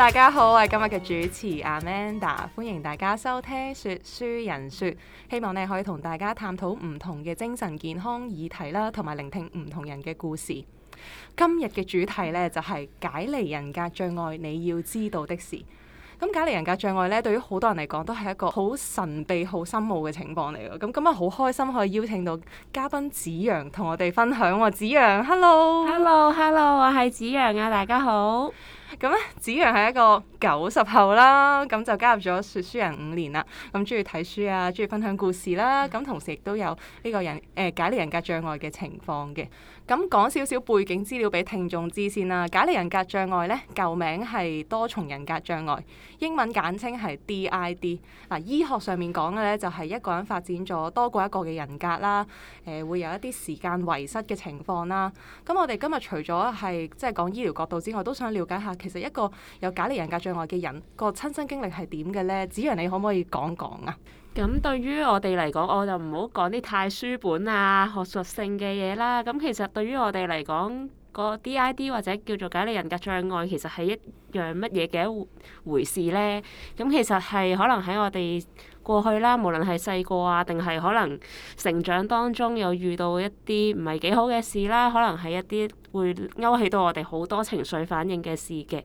大家好，我係今日嘅主持 Amanda，歡迎大家收聽說書人說，希望咧可以同大家探討唔同嘅精神健康議題啦，同埋聆聽唔同人嘅故事。今日嘅主題咧就係解離人格障礙你要知道的事。咁解離人格障礙咧，對於好多人嚟講都係一個好神秘、好深奧嘅情況嚟咯。咁今日，好開心可以邀請到嘉賓紫陽同我哋分享。紫陽，hello，hello，hello，我係紫陽啊，大家好。咁咧，紫陽係一個九十後啦，咁就加入咗説書人五年啦。咁中意睇書啊，中意分享故事啦。咁同時亦都有呢個人誒、呃、解離人格障礙嘅情況嘅。咁講少少背景資料俾聽眾知先啦。解離人格障礙咧，舊名係多重人格障礙，英文簡稱係 DID。嗱、啊，醫學上面講嘅咧，就係、是、一個人發展咗多過一個嘅人格啦。誒、呃，會有一啲時間遺失嘅情況啦。咁、啊、我哋今日除咗係即係講醫療角度之外，都想了解下。其實一個有解離人格障礙嘅人個親身經歷係點嘅呢？紫陽你可唔可以講講啊？咁對於我哋嚟講，我就唔好講啲太書本啊、學術性嘅嘢啦。咁其實對於我哋嚟講，個 DID 或者叫做解離人格障礙其實係一樣乜嘢嘅一回事呢？咁其實係可能喺我哋過去啦，無論係細個啊，定係可能成長當中有遇到一啲唔係幾好嘅事啦，可能係一啲會勾起到我哋好多情緒反應嘅事嘅。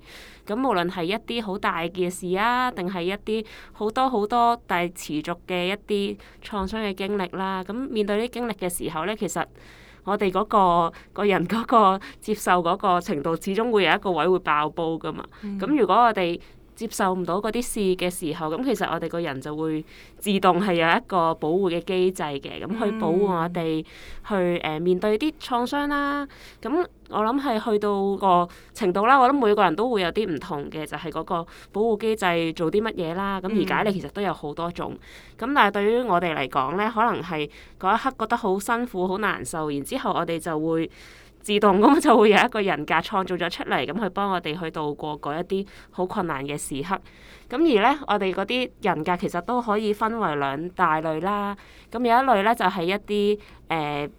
咁無論係一啲好大嘅事啊，定係一啲好多好多但係持續嘅一啲創傷嘅經歷啦。咁面對呢啲經歷嘅時候呢，其實我哋嗰、那個個人嗰個接受嗰個程度，始終會有一個位會爆煲噶嘛。咁、嗯、如果我哋接受唔到嗰啲事嘅時候，咁其實我哋個人就會自動係有一個保護嘅機制嘅，咁去保護我哋、嗯、去誒、呃、面對啲創傷啦。咁我諗係去到個程度啦，我諗每個人都會有啲唔同嘅，就係、是、嗰個保護機制做啲乜嘢啦。咁而解離其實都有好多種。咁、嗯、但係對於我哋嚟講呢，可能係嗰一刻覺得好辛苦、好難受，然之後我哋就會，自動咁就會有一個人格創造咗出嚟，咁去幫我哋去度過嗰一啲好困難嘅時刻。咁而呢，我哋嗰啲人格其實都可以分為兩大類啦。咁有一類呢，就係一啲誒，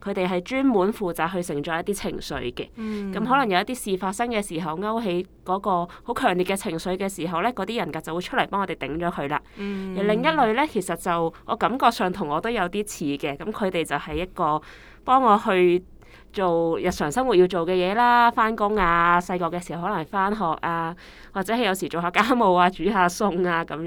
佢哋係專門負責去承載一啲情緒嘅。嗯。咁可能有一啲事發生嘅時候，勾起嗰個好強烈嘅情緒嘅時候呢，嗰啲人格就會出嚟幫我哋頂咗佢啦。嗯。而另一類呢，其實就我感覺上同我都有啲似嘅。咁佢哋就係一個幫我去。做日常生活要做嘅嘢啦，翻工啊，細個嘅時候可能係翻學啊，或者係有時做下家務啊，煮下餸啊咁樣。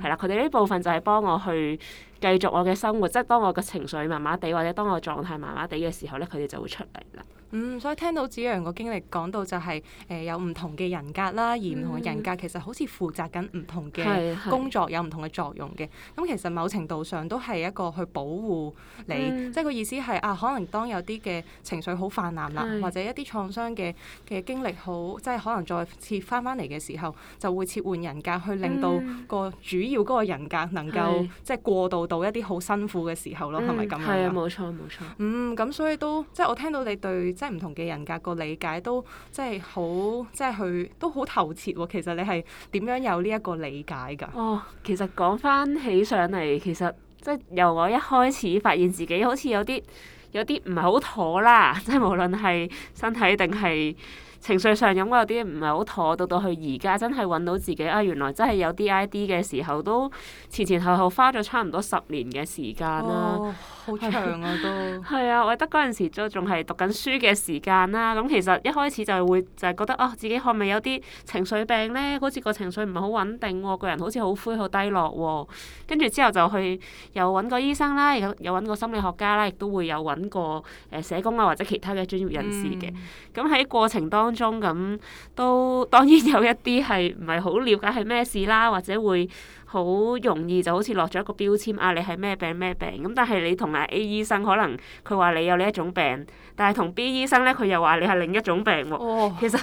係啦，嗯，佢哋呢部分就係幫我去繼續我嘅生活，即係當我嘅情緒麻麻地，或者當我狀態麻麻地嘅時候咧，佢哋就會出嚟啦。嗯，所以聽到紫陽個經歷講到就係，誒有唔同嘅人格啦，而唔同嘅人格其實好似負責緊唔同嘅工作，有唔同嘅作用嘅。咁其實某程度上都係一個去保護你，即係個意思係啊，可能當有啲嘅情緒好泛濫啦，或者一啲創傷嘅嘅經歷好，即係可能再切翻翻嚟嘅時候，就會切換人格去令到個主要嗰個人格能夠即係過渡到一啲好辛苦嘅時候咯，係咪咁樣？係啊，冇錯冇錯。嗯，咁所以都即係我聽到你對。即係唔同嘅人格個理解都即係好，即係去都好透徹喎。其實你係點樣有呢一個理解㗎？哦，其實講返起上嚟，其實即係由我一開始發現自己好似有啲有啲唔係好妥啦，即係無論係身體定係，情緒上飲過有啲唔係好妥，到到去而家真係揾到自己啊！原來真係有 DID 嘅時候，都前前後後花咗差唔多十年嘅時間啦、啊哦。好長啊， 都係啊！我覺得嗰陣時仲仲係讀緊書嘅時間啦、啊。咁其實一開始就會就係覺得啊，自己係咪有啲情緒病呢？好似個情緒唔係好穩定喎、啊，個人好似好灰好低落喎、啊。跟住之後就去又揾個醫生啦，又又揾個心理學家啦，亦都會有揾個誒社工啊或者其他嘅專業人士嘅。咁喺、嗯、過程當中咁都當然有一啲係唔係好了解係咩事啦，或者會好容易就好似落咗一個標籤啊，你係咩病咩病咁？但係你同埋 A 醫生可能佢話你有呢一種病，但係同 B 醫生咧佢又話你係另一種病喎。其實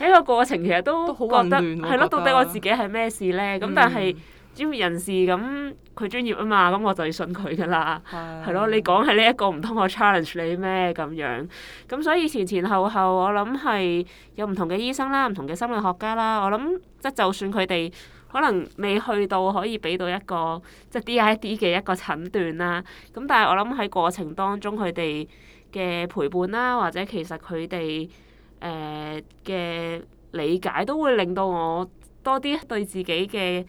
喺、呢個過程其實都好混亂，係咯得？到底我自己係咩事咧？咁、嗯、但係。專業人士咁佢專業啊嘛，咁我就要信佢噶啦，係咯。你講係呢一個唔通我 challenge 你咩咁樣咁？所以前前後後我諗係有唔同嘅醫生啦，唔同嘅心理學家啦。我諗即係就算佢哋可能未去到可以俾到一個即係 D.I.D 嘅一個診斷啦。咁但係我諗喺過程當中佢哋嘅陪伴啦，或者其實佢哋誒嘅理解都會令到我多啲對自己嘅。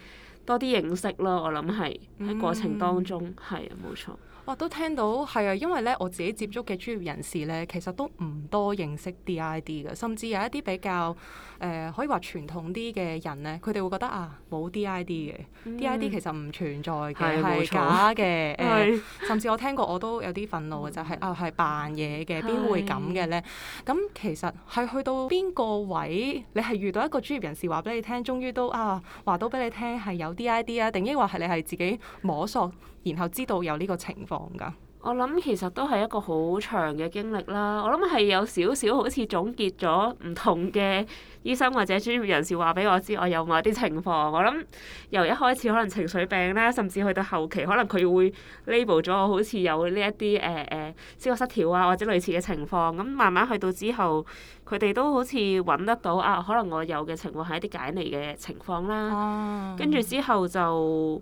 多啲認識咯，我諗係喺過程當中，係啊、嗯，冇錯。我都聽到係啊，因為咧我自己接觸嘅專業人士咧，其實都唔多認識 DID 嘅，甚至有一啲比較誒、呃、可以話傳統啲嘅人咧，佢哋會覺得啊冇 DID 嘅、嗯，DID 其實唔存在嘅，係是假嘅。誒，甚至我聽過我都有啲憤怒嘅，就係、是、啊係扮嘢嘅，邊會咁嘅咧？咁是其實係去到邊個位，你係遇到一個專業人士話俾你聽，終於都啊話到俾你聽係有 DID 啊，定抑或係你係自己摸索，然後知道有呢個情況㗎，我諗其實都係一個好長嘅經歷啦。我諗係有少少好似總結咗唔同嘅醫生或者專業人士話俾我，我知我某，我有某啲情況。我諗由一開始可能情緒病啦，甚至去到後期，可能佢會 label 咗我好似有呢一啲誒誒思覺失調啊，或者類似嘅情況。咁慢慢去到之後，佢哋都好似揾得到啊。可能我有嘅情況係一啲解離嘅情況啦。跟住、oh。之後就。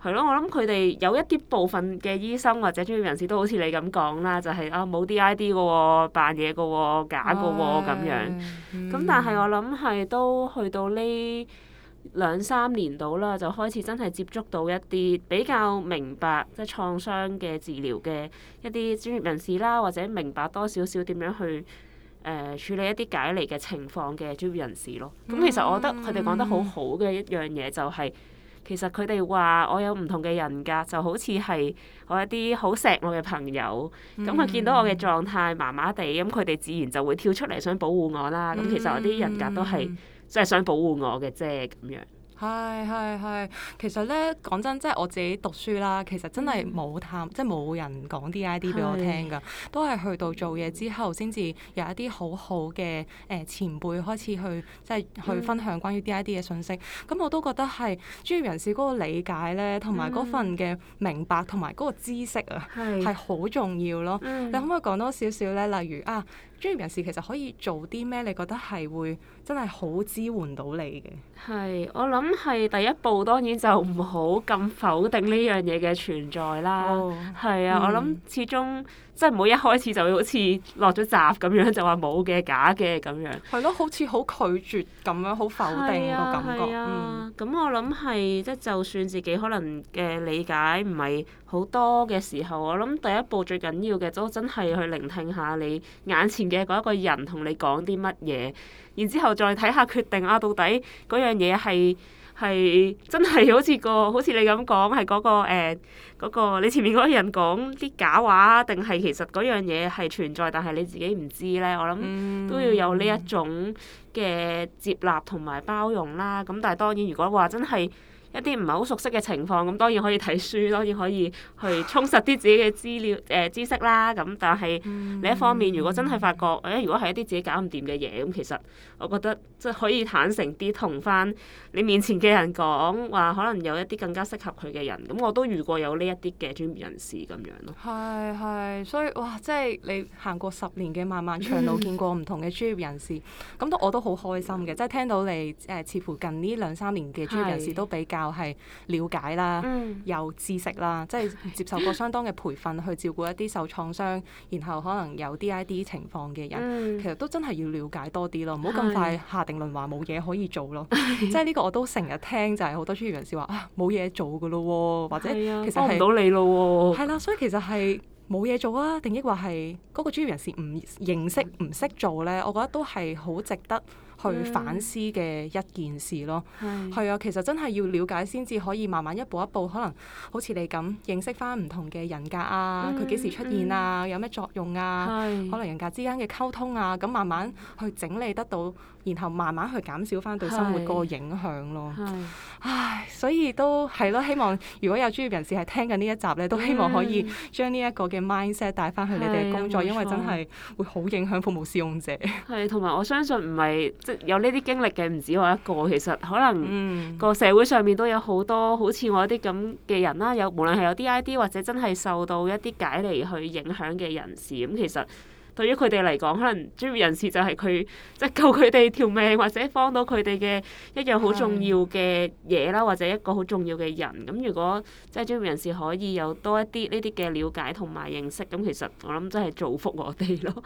係咯，我諗佢哋有一啲部分嘅醫生或者專業人士都好似你咁講啦，就係、是、啊冇 DID 嘅喎，扮嘢嘅喎，假嘅喎咁樣。咁、嗯、但係我諗係都去到呢兩三年度啦，就開始真係接觸到一啲比較明白即係、就是、創傷嘅治療嘅一啲專業人士啦，或者明白多少少點樣去誒、呃、處理一啲解離嘅情況嘅專業人士咯。咁、嗯、其實我覺得佢哋講得好好嘅一樣嘢就係、是。其實佢哋話我有唔同嘅人格，就好似係我一啲好錫我嘅朋友，咁佢見到我嘅狀態麻麻地，咁佢哋自然就會跳出嚟想保護我啦。咁其實我啲人格都係即係想保護我嘅啫，咁樣。係係係，其實咧講真，即係我自己讀書啦，其實真係冇探，嗯、即係冇人講 DID 俾我聽㗎，是都係去到做嘢之後先至有一啲好好嘅誒前輩開始去即係去分享關於 DID 嘅信息。咁、嗯、我都覺得係專業人士嗰個理解咧，同埋嗰份嘅明白同埋嗰個知識啊，係好、嗯、重要咯。嗯、你可唔可以講多少少咧？例如啊。專業人士其實可以做啲咩？你覺得係會真係好支援到你嘅？係，我諗係第一步。當然就唔好咁否定呢樣嘢嘅存在啦。係啊，我諗始終。即係唔好一開始就會好似落咗閘咁樣，就話冇嘅假嘅咁樣。係咯，好似好拒絕咁樣，好否定個感覺。啊啊啊、嗯，咁我諗係即係，就算自己可能嘅理解唔係好多嘅時候，我諗第一步最緊要嘅都真係去聆聽下你眼前嘅嗰一個人同你講啲乜嘢，然之後再睇下決定啊，到底嗰樣嘢係。係真係好似個，好似你咁講，係嗰個誒嗰個你前面嗰人講啲假話，定係其實嗰樣嘢係存在，但係你自己唔知咧。我諗都要有呢一種嘅接納同埋包容啦。咁但係當然，如果話真係。一啲唔係好熟悉嘅情況，咁、嗯、當然可以睇書咯，當然可以去充實啲自己嘅資料誒、呃、知識啦。咁但係另一方面如、嗯嗯哎，如果真係發覺誒，如果係一啲自己搞唔掂嘅嘢，咁其實我覺得即係可以坦誠啲，同翻你面前嘅人講話，可能有一啲更加適合佢嘅人。咁我都遇過有呢一啲嘅專業人士咁樣咯。係係，所以哇，即係你行過十年嘅漫漫長路，見過唔同嘅專業人士，咁都 我都好開心嘅，即係聽到你誒、呃，似乎近呢兩三年嘅專業人士都比較。係係對 我係了解啦，嗯、有知識啦，即係接受過相當嘅培訓 去照顧一啲受創傷，然後可能有 DID 情況嘅人，嗯、其實都真係要了解多啲咯，唔好咁快下定論話冇嘢可以做咯。是即係呢個我都成日聽，就係、是、好多專業人士話啊冇嘢做㗎咯，或者其實、啊、幫唔到你咯、啊。係啦、啊，所以其實係冇嘢做啊，定抑或係嗰個專業人士唔認識唔識做咧，我覺得都係好值得。去反思嘅一件事咯，係啊是，其實真係要了解先至可以慢慢一步一步，可能好似你咁認識翻唔同嘅人格啊，佢幾、嗯、時出現啊，嗯、有咩作用啊，是可能人格之間嘅溝通啊，咁慢慢去整理得到，然後慢慢去減少翻對生活嗰個影響咯。唉，所以都係咯，希望如果有專業人士係聽緊呢一集咧，都希望可以將呢一個嘅 mindset 帶翻去你哋嘅工作，因為真係會好影響服務使用者。係，同埋我相信唔係。有呢啲經歷嘅唔止我一個，其實可能個社會上面都有多好多好似我啲咁嘅人啦，有無論係有啲 i d 或者真係受到一啲解離去影響嘅人士咁，其實。對於佢哋嚟講，可能專業人士就係佢，即係救佢哋條命，或者幫到佢哋嘅一樣好重要嘅嘢啦，的或者一個好重要嘅人。咁如果即係專業人士可以有多一啲呢啲嘅了解同埋認識，咁其實我諗真係造福我哋咯，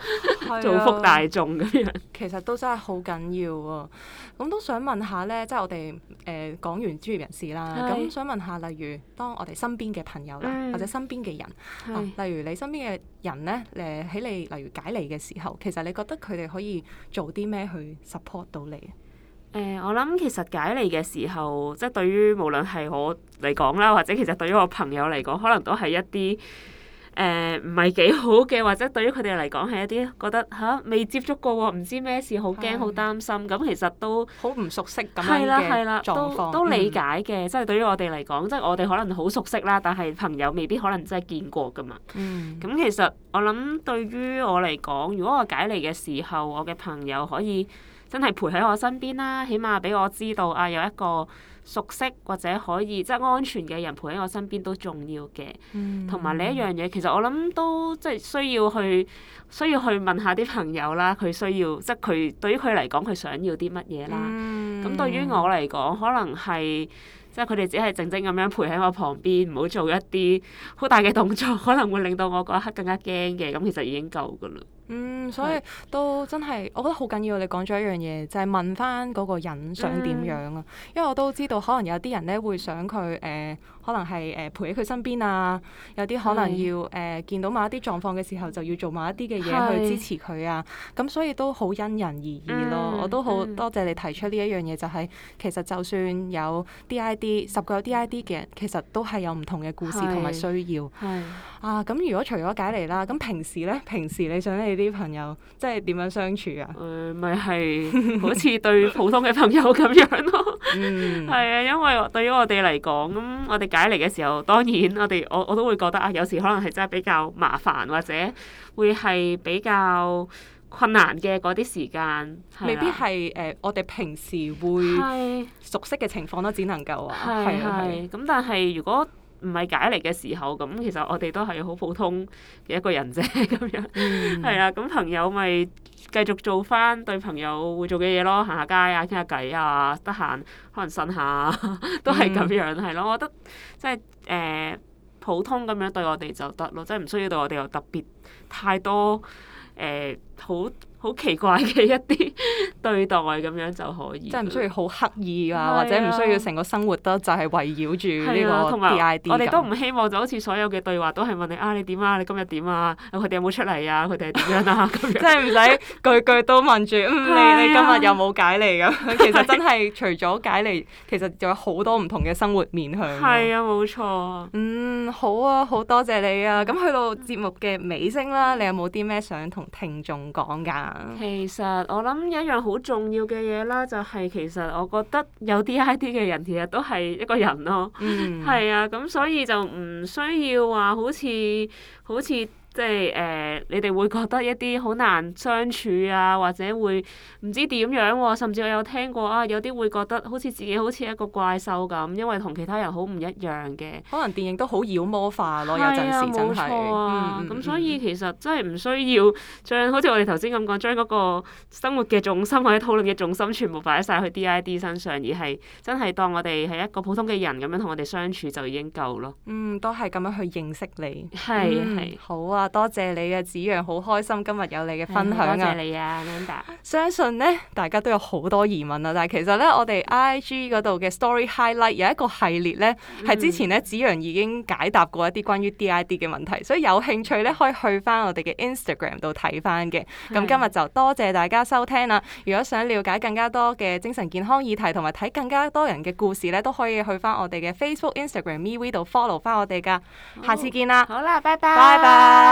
造的 福大眾咁樣。其實都真係好緊要喎、哦。咁都想問下咧，即係我哋誒講完專業人士啦，咁的想問下，例如當我哋身邊嘅朋友啦，的或者身邊嘅人的、哦，例如你身邊嘅人咧，誒喺你例如，例如你解離嘅時候，其實你覺得佢哋可以做啲咩去 support 到你？誒、呃，我諗其實解離嘅時候，即係對於無論係我嚟講啦，或者其實對於我朋友嚟講，可能都係一啲。誒唔係幾好嘅，或者對於佢哋嚟講係一啲覺得嚇未接觸過，唔知咩事，好驚，好擔心。咁其實都好唔熟悉咁樣嘅、係啦、係啦、狀況都，都理解嘅。嗯、即係對於我哋嚟講，即係我哋可能好熟悉啦，但係朋友未必可能真係見過噶嘛。咁、嗯、其實我諗對於我嚟講，如果我解離嘅時候，我嘅朋友可以。真係陪喺我身邊啦，起碼俾我知道啊，有一個熟悉或者可以即係安全嘅人陪喺我身邊都重要嘅。同埋、嗯、另一樣嘢，其實我諗都即係需要去需要去問下啲朋友啦，佢需要即係佢對於佢嚟講佢想要啲乜嘢啦。咁、嗯、對於我嚟講，可能係即係佢哋只係靜靜咁樣陪喺我旁邊，唔好做一啲好大嘅動作，可能會令到我嗰一刻更加驚嘅。咁其實已經夠㗎喇。嗯，所以都真係我覺得好緊要。你講咗一樣嘢，就係問翻嗰個人想點樣啊。因為我都知道，可能有啲人咧會想佢誒可能係誒陪喺佢身邊啊。有啲可能要誒見到某一啲狀況嘅時候，就要做某一啲嘅嘢去支持佢啊。咁所以都好因人而異咯。我都好多謝你提出呢一樣嘢，就係其實就算有 DID 十個有 DID 嘅人，其實都係有唔同嘅故事同埋需要。啊，咁如果除咗解離啦，咁平時咧，平時你想你啲朋友即係點樣相處噶、啊？誒、呃，咪、就、係、是、好似對普通嘅朋友咁樣咯。 嗯，係 啊，因為對於我哋嚟講，咁我哋解離嘅時候，當然我哋我我都會覺得啊，有時可能係真係比較麻煩，或者會係比較困難嘅嗰啲時間，啊、未必係誒、呃、我哋平時會熟悉嘅情況都只能夠啊，係係係咁。但係如果唔係解離嘅時候，咁其實我哋都係好普通嘅一個人啫，咁樣，係啊、嗯，咁朋友咪繼續做返對朋友會做嘅嘢咯，行下街啊，傾下偈啊，得閒可能呻下，都係咁樣，係咯、嗯，我覺得即係誒、呃、普通咁樣對我哋就得咯，即係唔需要對我哋有特別太多誒好，呃好奇怪嘅一啲對待咁樣就可以，即係唔需要好刻意啊，啊或者唔需要成個生活都就係圍繞住呢個 DID、啊、樣我哋都唔希望就好似所有嘅對話都係問你啊，你點啊？你今日點啊？佢哋有冇出嚟啊？佢哋係點樣啊？咁、啊 樣、啊、樣，即係唔使句句都問住、嗯啊，你你今日有冇解離咁、啊。 其實真係除咗解離，其實仲有好多唔同嘅生活面向。係啊，冇錯，嗯，好啊，好啊多謝你啊。咁去到節目嘅尾聲啦，你有冇啲咩想同聽眾講噶？其實我諗一樣好重要嘅嘢啦，就係、是、其實我覺得有啲 i d 嘅人其實都係一個人咯，係、嗯、 啊，咁所以就唔需要話好似好似。即係誒、呃、你哋會覺得一啲好難相處啊，或者會唔知點樣、啊，甚至我有聽過啊，有啲會覺得好似自己好似一個怪獸咁，因為同其他人好唔一樣嘅。可能電影都好妖魔化咯，啊、有陣時真係。咁所以其實真係唔需要將好似我哋頭先咁講，將嗰個生活嘅重心或者討論嘅重心全部擺晒去 DID 身上，而係真係當我哋係一個普通嘅人咁樣同我哋相處就已經夠咯。嗯，都係咁樣去認識你，係係是、嗯、好啊。多謝你啊，紫陽，好開心今日有你嘅分享啊！多謝你啊，Amanda。啊嗯啊 Amanda，相信咧，大家都有好多疑問啊。但係其實咧，我哋 IG 嗰度嘅 Story Highlight 有一個系列咧，係之前咧紫陽已經解答過一啲關於 DID 嘅問題，所以有興趣咧可以去翻我哋嘅 Instagram 度睇翻嘅。咁今日就多謝大家收聽啦。如果想了解更加多嘅精神健康議題，同埋睇更加多人嘅故事咧，都可以去翻我哋嘅 Facebook、Instagram、MeWe 度 follow 翻我哋㗎。哦，下次見啦，好啦，拜拜，拜拜。